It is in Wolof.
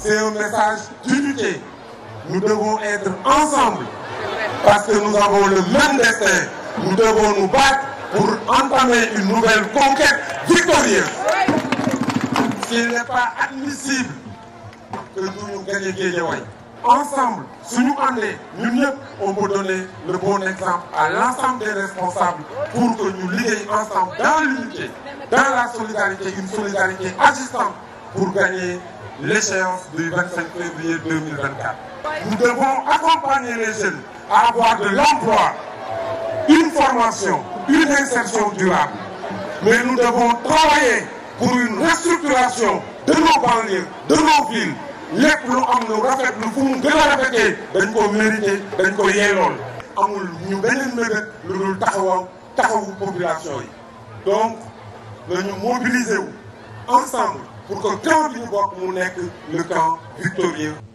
C'est un message d'unité. Nous devons être ensemble parce que nous avons le même destin. Nous devons nous battre pour entamer une nouvelle conquête victorieuse. Il n'est pas admissible que nous gagnions Guédiawaye. Ensemble, si nous en nous le bon exemple à l'ensemble des responsables pour que nous lions ensemble dans l'unité, dans la solidarité, une pour gagner l'échéance du 25 février 2024. Nous devons accompagner les jeunes à avoir de l'emploi, une formation, une insertion durable. Mais nous devons travailler pour une restructuration de nos banlieues, de nos villes. lépp lu am lu rafet lu fu mu gën a rafetee dañ ko mérité dañ ñu beneen mébét lu dul taxawam taxawu population yi donc nañu mobiliser wu ensemble pour que camp bi ñu mu nekk le camp victorieux